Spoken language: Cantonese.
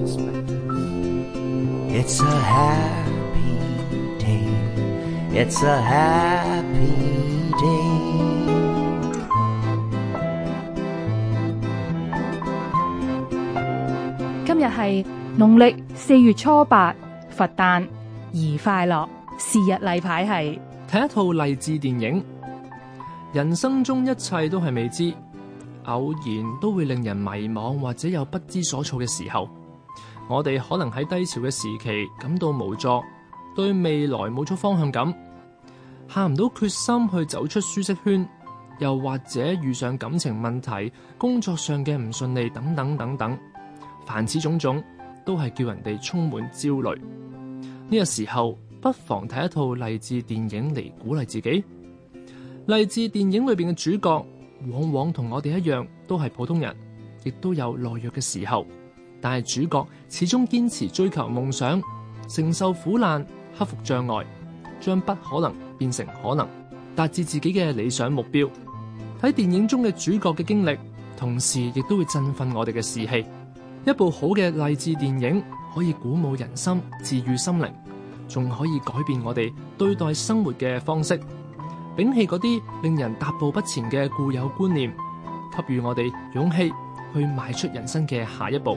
It's a happy day. It's a happy day. 今日係農曆四月初八，佛誕，宜快樂。日是日例牌係睇一套勵志電影。人生中一切都係未知，偶然都會令人迷茫，或者有不知所措嘅時候。我哋可能喺低潮嘅時期感到無助，對未來冇咗方向感，下唔到決心去走出舒適圈，又或者遇上感情問題、工作上嘅唔順利等等等等，凡此種種，都係叫人哋充滿焦慮。呢個時候，不妨睇一套勵志電影嚟鼓勵自己。勵志電影裏面嘅主角，往往同我哋一樣，都係普通人，亦都有懦弱嘅時候。但係主角始終堅持追求夢想，承受苦難，克服障礙，將不可能變成可能，達至自己嘅理想目標。睇電影中嘅主角嘅經歷，同時亦都會振奮我哋嘅士氣。一部好嘅勵志電影可以鼓舞人心，治癒心靈，仲可以改變我哋對待生活嘅方式，摒棄嗰啲令人踏步不前嘅固有觀念，給予我哋勇氣去邁出人生嘅下一步。